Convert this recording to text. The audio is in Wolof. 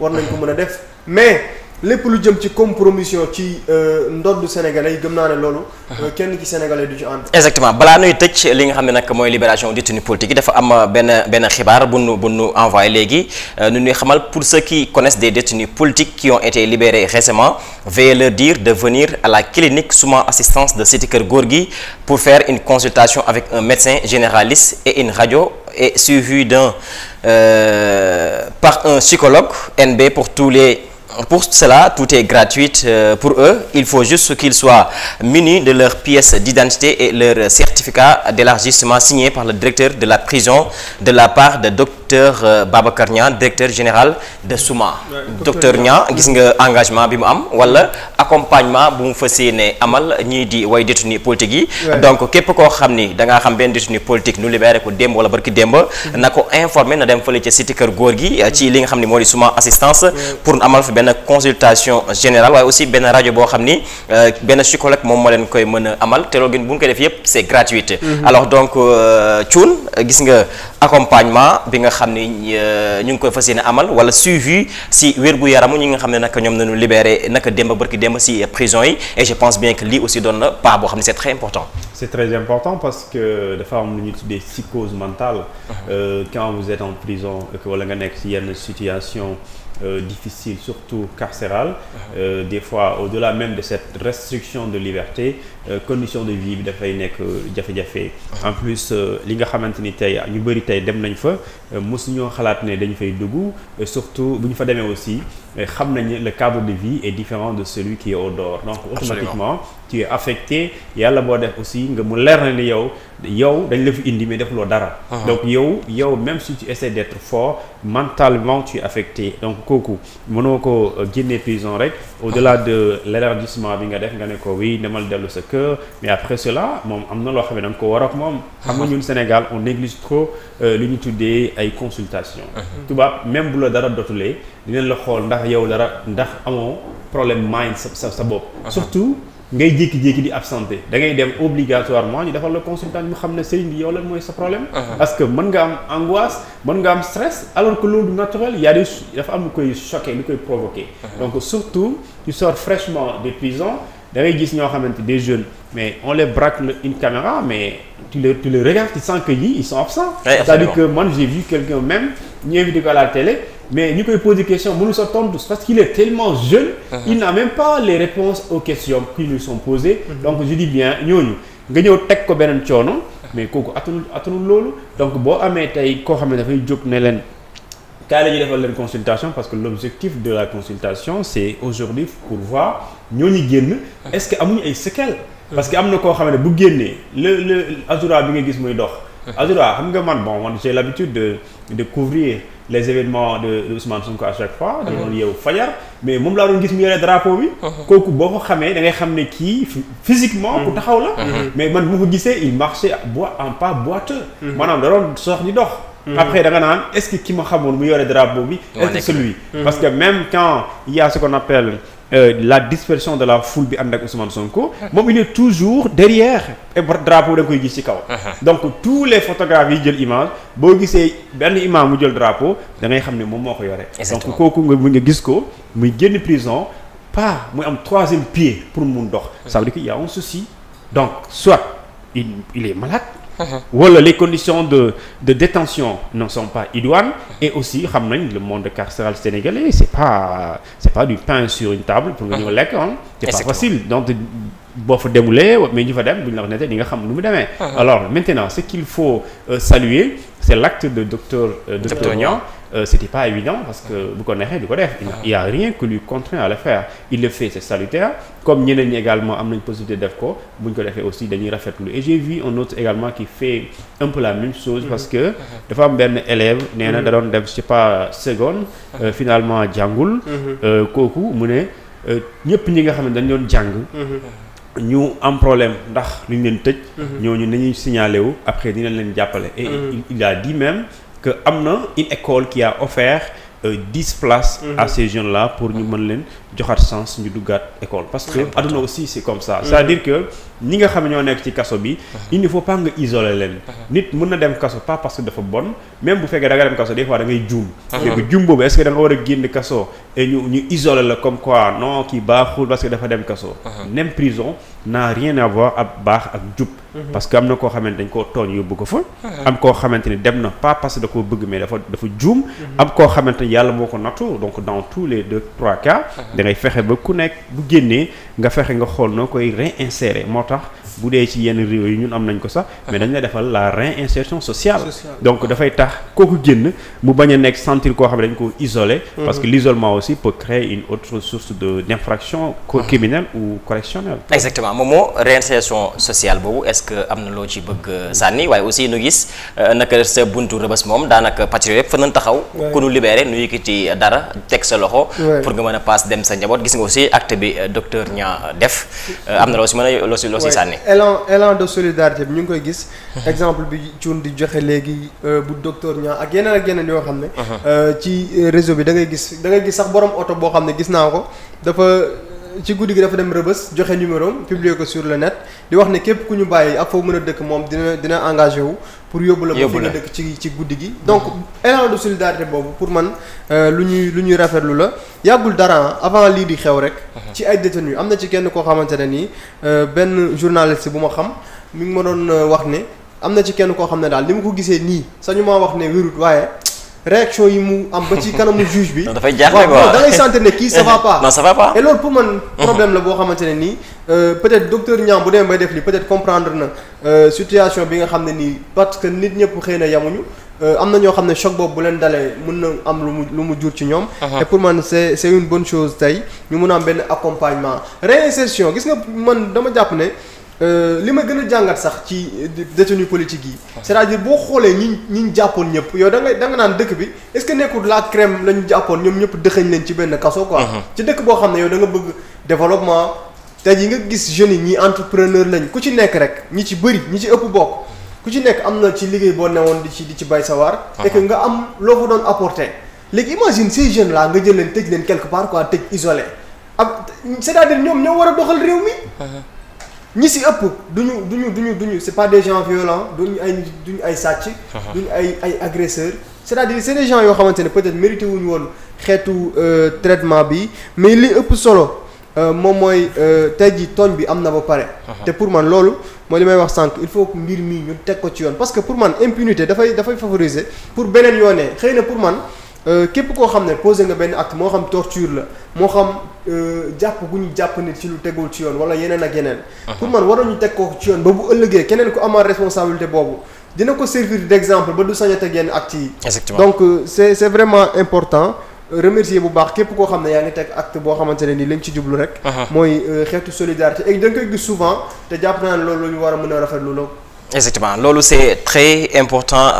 war nañ ko mën a def mais lépp lu jëm ci compromission ci euh, ndodd sénégalais yi gëm naa ne loolu. Euh, kenn ci sénégalais du ci ànd. exactement balaa nuy tëj li nga xam ne nag mooy libération des détenus politiques yi dafa am euh, benn benn xibaar bu nu bu envoyé léegi nu ñuy xamal pour ceux qui connaissent des détenus politiques qui ont été libérés récemment veuillez dire de venir à la clinique suma assistance de Cité góor gi pour faire une consultation avec un médecin généraliste et une radio et suivi d'un euh, par un pour cela tout est gratuit euh, pour eux il faut juste qu'ils soient munis de leur pièce d'identité et leur certificat d'élargissement signé par le directeur de la prison de la part de docteur docteur euh, Babacar Niang directeur général de SUMA. docteur Niang gis nga engagement bi mu am wala accompagnement bu mu fas yéene amal ñii di way détenu politique yi. donc képp koo xam ni da ngaa xam benn détenu politique nu libéré ko démb wala barki démb. Mm-hmm. na ko informé na dem fële ca cité kër góor gi euh, ci li nga xam ni moo di SUMA assistance. pour amal fa benn consultation générale waaye aussi benn rajo boo xam ni euh, benn psychologue moom moo leen koy mën a amal te loolu bu ñu koy def yëpp c'est gratuit. Mm-hmm. alors donc Thioune gis nga. accompagnement bi nga xam ni euh, ñu ngi koy fas yéene amal wala suivi si wér gu yaram ñi nga xam ne naka ñoom nañu libéré naka démb barki démb si prison yi et je pense bien que lii aussi doon na pas boo xam ne c'est très important. c'est très important parce que dafa am lu ñuy si psychose mentale. Uh-huh. Euh, quand vous êtes en prison wala nga nekk si yenn situation. euh, difficile, surtout carcérale. Euh, des fois au-delà même de cette restriction de liberté euh, condition de vie bi dafay nekk euh, jafe-jafe. en plus euh, li nga xamante ni tey ñu bëri tey dem nañ fa mosuñoo xalaat ne dañu fay dugg surtout bu ñu fa demee aussi mais euh, xam nañu le cadre de vie est différent de celui qui est au dehors donc automatiquement tu es affecté yàlla boo def aussi nga mu leer na ni yow yow dañ la fi indi mais loo dara ah. donc yow yow même si tu essaies d'être fort mentalement tu affecté donc kooku mënoo ko euh, génnee prison rek au-delà de l'élargissement bi nga def nga ne ko oui demal dellu sa kër mais après cela moom am na loo xam ne da ko war ak moom xam nga ñun Sénégal on néglige ko euh, lu ñu tuddee ay consultation uh-huh. tubaab même bu la dara dotulee dinañ la xool ndax yow dara ndax amoo problème mind sa sa sa bopp uh-huh. surtout ngay jékki-jékki di absenté dangay ngay dem obligatoirement ñu defal la consultant ñu xam ne sëriñ bi yow lan mooy sa problème. parce que mën nga am angoisse mën nga am stress alors que loolu naturel y a des dafa am lu koy choqué lu koy provoqué. donc surtout tu sors fraîchement de prison da ngay gis ñoo xamante des jeunes mais on les braque une caméra mais tu les tu les regardes tu sens que yii ils sont absents. c'est-à-dire que man j'ai vu quelqu'un même ñu invité ko mais ñu koy poser question mu sa tontu parce qu'il est tellement jeune uh-huh. il n'a même pas les réponses aux questions qui lui sont posées uh-huh. donc je bien ñooñu nga ñëw teg ko beneen coono uh-huh. mais kooku atu atanul loolu donc boo amee tey koo xam ne dafay jóg ne leen kaay la ñuy leen consultation parce que l'objectif de la consultation c'est aujourd'hui pour voir ñooñu génn est-ce que amuñu ay séquelles parce que am na koo xam ne bu génnee le le azura bi nga gis muy dox azura xam nga man bon man j'ai l'habitude de de couvrir les événements de de Ousmane Sonko à chaque fois. da uh-huh. doon yeewu fajar mais moom laa doon gis mu yore drapeau bi. Uh-huh. kooku boo ko xamee da xam ne kii physiquement. ku uh-huh. taxaw la. mais man bu ma ko gisee il marché boi en pas boiteux. maanaam da doon sox di dox. après danga naan est-ce que ki ma xamoon mu yore drapeau bi. est-ce que parce que même quand yaa y a ce qu'on appelle. Euh, la dispersion de la foule bi ànd ak son Sonko. moom il est toujours derrière. et drapeau da koy gis ci kaw. Uh-huh. donc tous les photographes yi jël image boo gisee benn imam mu jël drapeau da xam ne moom moo ko yore. donc kooku mu nga gis ko muy génn prison pas muy am troisième pied pour mu dox. ça veut dire qu'il y a un donc soit il est malade. wala les conditions de de détention ne sont pas idoines et aussi xam nañ le monde carcéral sénégalais c'est pas c'est pas du pain sur une table pour nga ñëw ah. lekk ah c'est pas facile donc boo fa demulee mais ñu fa dem bu ñu la wax ne di nga xam lu mu demee ah. alors maintenant ce qu'il faut euh, saluer c'est l'acte de docteur euh, docteur Niang Euh, c'était pas évident parce que bu ko neexee du ko def il y a rien que lui contraint à le faire il le fait c'est salutaire comme ñeneen ñi également am nañ possibilité def ko bu ñu ko defee aussi dañuy rafetlu et j'ai vu un autre également qui fait un peu la même chose parce que dafa am benn élève nee na da doon dem je pas seconde euh, finalement jàngul euh, kooku mu ne ñëpp ñi nga xam ne dañ doon jàng ñu am problème ndax lu ñu leen tëj mhm. ñooñu nañuy signalé wu après dinañ leen jàppale et mhm. il a que am na une école qui a offert euh, dix euh, places. à mhm. ces jeunes là pour ñu mën leen joxaat chance ñu duggaat école parce que aduna aussi comme ça mm-hmm. c'est-à-dire que ñi nga xam ne ñoo nekk ci kaso bi mm-hmm. il ne faut nga isoler leen mm-hmm. nit mën na dem kaso pas parce que dafa bon même bu fekkee da nga dem kaso des fois juum léegi juum boobu est-ce war a génn kaso et ñu ñu la comme quoi non kii baaxul parce que dafa dem kaso même prison n'a rien à voir baax ak jub parce que am na koo xamante dañ koo tooñ yóbbu ko fa am koo xamante ni dem na pas parce que da koo bëgg mais dafa dafa juum am koo yàlla moo ko nattu donc dans tous les deux trois da ngay fexe ba ku nekk bu génnee nga fexe nga xool noo koy réinsérer moo tax bu dee ci yenn réew yi ñun am nañ ko sax mais dañ la defal la réinsertion sociale donc dafay tax kooku génn mu bañ a nekk sentir koo xam ne dañ ko isolé mhm. parce que l'isolement aussi peut créer une autre source de d'infraction mhm. criminelle ou correctionnelle exactement moom moo réinsertion sociale boobu est-ce que am na loo ci bëgg sànni waaye aussi nu gis euh, naka sa buntu rëbës moom daanaka patriote taxaw sa njaboot gis nga aussi acte bi euh, docteur Niang euh, def euh, am na loo si mën a loo si loo si sànni. élan élan de solidarité bi ñu ngi koy gis. Mhm. exemple bi Thioune di joxe léegi bu docteur Niang ak yeneen ak yeneen yoo xam ne. Mhm. ci réseau bi da ngay gis da ngay gis sax borom oto boo xam ne gis naa ko dafa. ci guddi gi dafa dem rëbës joxe numéro am publier ko sur le net di wax ne képp ku ñu bàyyi ak foo mën a dëkk moom dina dina engagé wu. pour yóbbu la ba fi nga dëkk ci guddi gi. donc élan de solidarité boobu pour man euh, lu ñuy lu ñuy rafetlu la yàggul dara avant lii di xew rek. Mhm. ci ay détenus am na ci kenn koo xamante ne nii euh, benn journaliste bu ma xam mu ngi ma doon euh, wax ne am na ci kenn koo xam ne daal li ma ko gisee nii sañu maa wax ne wérut waaye. réaction yi mu am ba ci kanamu juge bi. dafay jaaxle quoi da ngay sentir ne kii ça va pas. non loolu pour man. problème la boo xamante ne nii euh, peut-être docteur Niang bu demee bay def li peut-être comprendre na euh, situation bi nga xam ne nii parce que nit ñëpp xëy na yamuñu. Euh, am na ñoo xam ne choc boobu bu leen dalee mën na am lu mu lu mu jur ci ñoom. Uh-huh. et pour man c'est c'est une bonne chose tey ñu mun a am benn accompagnement réinsertion gis nga man dama jàpp ne. Euh, li ma gën a jàngat sax ci euh, détenu politique yi. cest à boo xoolee ñi ñi ñu jàppoon ñëpp yow da nga da nga naan dëkk bi est-ce que nekkul la crème la ñu jàppoon ñoom ñëpp dëxëñ leen ci benn kaso quoi. Uh-huh. ci dëkk boo xam ne yow da bëgg développement tey yi nga gis jeunes yi ñi entrepreneur lañ ku ci nekk rek ñi ci bëri ñi ci ëpp bokk ku ci nekk am na ci liggéey boo newoon di ci di ci bay sawar. Uh-huh. et que nga am loo fa doon apporter. léegi imagine ces jeunes là nga jël leen tëj leen quelque part quoi tëj isolé ab ñoom ñoo war a doxal réew ñi si ëpp du ñu duñu duñu c'est pas des gens violents duñu ay duñu ay sàcc. Uh-huh. duñu ay ay agresseurs. c'est-à-dire c'est des gens yoo xamante ne peut-être mérité wuñu woon xeetu euh, traitement bi mais li ëpp solo euh, moom mooy euh, tey jii tooñ bi am na ba pare. Uh-huh. te pour man loolu mooy li may wax sànq il faut que mbir mii ñu teg ko ci yoon parce que pour man impunité dafay dafay favoriser pour beneen yoonee xëy na pour man. Euh, képp koo xam ne posé nga benn acte moo xam torture la moo xam euh, jàpp gu ñu jàpp nit ci lu tegul ci yoon wala yeneen ak yeneen. Uh-huh. pour man waroon ñu teg ko ci yoon ba bu ëllëgee keneen ku amaat responsabilité boobu dina ko servir d'exemple ba du sañate yenn acte yi. donc euh, c'est c'est vraiment important. remercier bu baax képp koo xam ne yaa ngi teg acte boo xamante ne ni lañ ci jublu rek. Uh-huh. mooy xeetu solidarité et da nga koy gis souvent te jàpp naa ne loolu la ñu war a mën a rafetlu la. exactement loolu c'est très important.